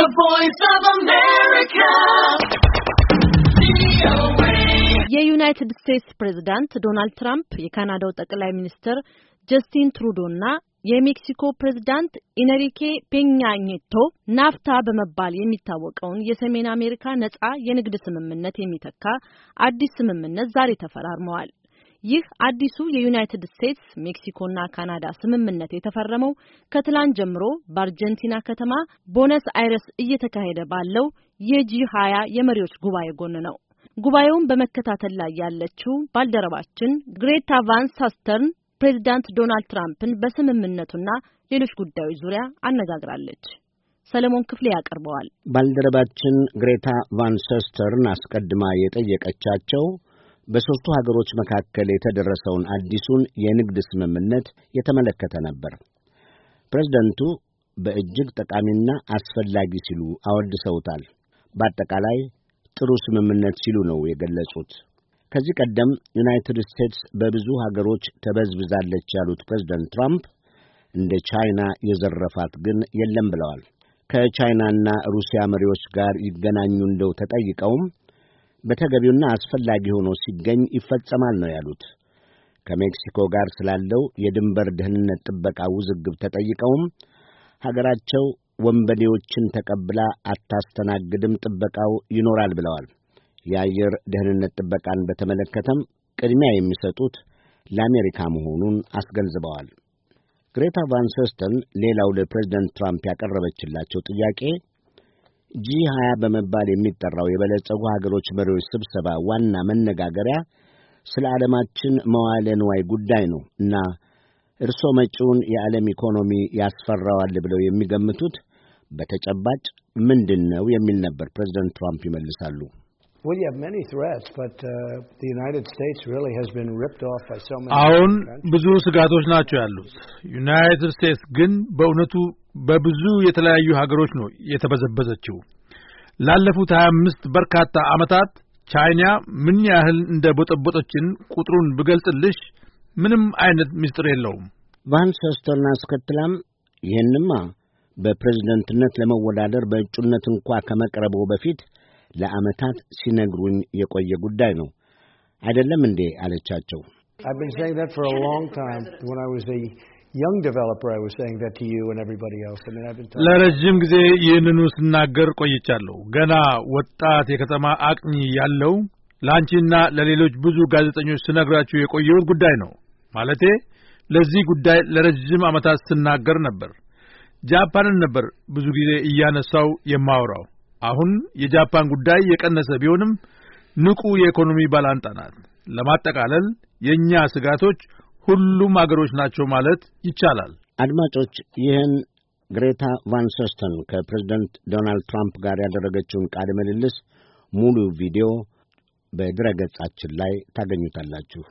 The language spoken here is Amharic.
The Voice of America. የዩናይትድ ስቴትስ ፕሬዝዳንት ዶናልድ ትራምፕ የካናዳው ጠቅላይ ሚኒስትር ጀስቲን ትሩዶ እና የሜክሲኮ ፕሬዝዳንት ኢነሪኬ ፔኛ ናፍታ በመባል የሚታወቀውን የሰሜን አሜሪካ ነጻ የንግድ ስምምነት የሚተካ አዲስ ስምምነት ዛሬ ተፈራርመዋል። ይህ አዲሱ የዩናይትድ ስቴትስ ሜክሲኮና ካናዳ ስምምነት የተፈረመው ከትላንት ጀምሮ በአርጀንቲና ከተማ ቦነስ አይረስ እየተካሄደ ባለው የጂ ሀያ የመሪዎች ጉባኤ ጎን ነው። ጉባኤውን በመከታተል ላይ ያለችው ባልደረባችን ግሬታ ቫን ሳስተርን ፕሬዚዳንት ዶናልድ ትራምፕን በስምምነቱና ሌሎች ጉዳዮች ዙሪያ አነጋግራለች። ሰለሞን ክፍሌ ያቀርበዋል። ባልደረባችን ግሬታ ቫን ሰስተርን አስቀድማ የጠየቀቻቸው በሦስቱ ሀገሮች መካከል የተደረሰውን አዲሱን የንግድ ስምምነት የተመለከተ ነበር። ፕሬዝደንቱ በእጅግ ጠቃሚና አስፈላጊ ሲሉ አወድሰውታል። በአጠቃላይ ጥሩ ስምምነት ሲሉ ነው የገለጹት። ከዚህ ቀደም ዩናይትድ ስቴትስ በብዙ ሀገሮች ተበዝብዛለች ያሉት ፕሬዝደንት ትራምፕ እንደ ቻይና የዘረፋት ግን የለም ብለዋል። ከቻይናና ሩሲያ መሪዎች ጋር ይገናኙ እንደው ተጠይቀውም በተገቢውና አስፈላጊ ሆኖ ሲገኝ ይፈጸማል ነው ያሉት። ከሜክሲኮ ጋር ስላለው የድንበር ደህንነት ጥበቃ ውዝግብ ተጠይቀውም ሀገራቸው ወንበዴዎችን ተቀብላ አታስተናግድም፣ ጥበቃው ይኖራል ብለዋል። የአየር ደህንነት ጥበቃን በተመለከተም ቅድሚያ የሚሰጡት ለአሜሪካ መሆኑን አስገንዝበዋል። ግሬታ ቫን ሰስተን ሌላው ለፕሬዝደንት ትራምፕ ያቀረበችላቸው ጥያቄ ጂ ሀያ በመባል የሚጠራው የበለጸጉ ሀገሮች መሪዎች ስብሰባ ዋና መነጋገሪያ ስለ ዓለማችን መዋለ ንዋይ ጉዳይ ነው እና እርሶ መጪውን የዓለም ኢኮኖሚ ያስፈራዋል ብለው የሚገምቱት በተጨባጭ ምንድን ነው የሚል ነበር። ፕሬዚደንት ትራምፕ ይመልሳሉ። uh, አሁን ብዙ ስጋቶች ናቸው ያሉት። ዩናይትድ ስቴትስ ግን በእውነቱ በብዙ የተለያዩ ሀገሮች ነው የተበዘበዘችው። ላለፉት ሀያ አምስት በርካታ ዓመታት ቻይና ምን ያህል እንደ ቦጠቦጦችን ቁጥሩን ብገልጽልሽ ምንም አይነት ምስጢር የለውም። ቫን ሶስተርን አስከትላም ይህንማ በፕሬዝደንትነት ለመወዳደር በእጩነት እንኳ ከመቅረበው በፊት ለዓመታት ሲነግሩኝ የቆየ ጉዳይ ነው አይደለም እንዴ አለቻቸው። ለረጅም ጊዜ ይህንኑ ስናገር ቆይቻለሁ። ገና ወጣት የከተማ አቅኚ ያለው ለአንቺና ለሌሎች ብዙ ጋዜጠኞች ስነግራችሁ የቆየውን ጉዳይ ነው። ማለቴ ለዚህ ጉዳይ ለረጅም ዓመታት ስናገር ነበር። ጃፓንን ነበር ብዙ ጊዜ እያነሳው የማወራው። አሁን የጃፓን ጉዳይ የቀነሰ ቢሆንም ንቁ የኢኮኖሚ ባላንጣ ናት። ለማጠቃለል የእኛ ስጋቶች ሁሉም አገሮች ናቸው ማለት ይቻላል። አድማጮች ይህን ግሬታ ቫን ሶስተን ከፕሬዝደንት ዶናልድ ትራምፕ ጋር ያደረገችውን ቃለ ምልልስ ሙሉ ቪዲዮ በድረ ገጻችን ላይ ታገኙታላችሁ።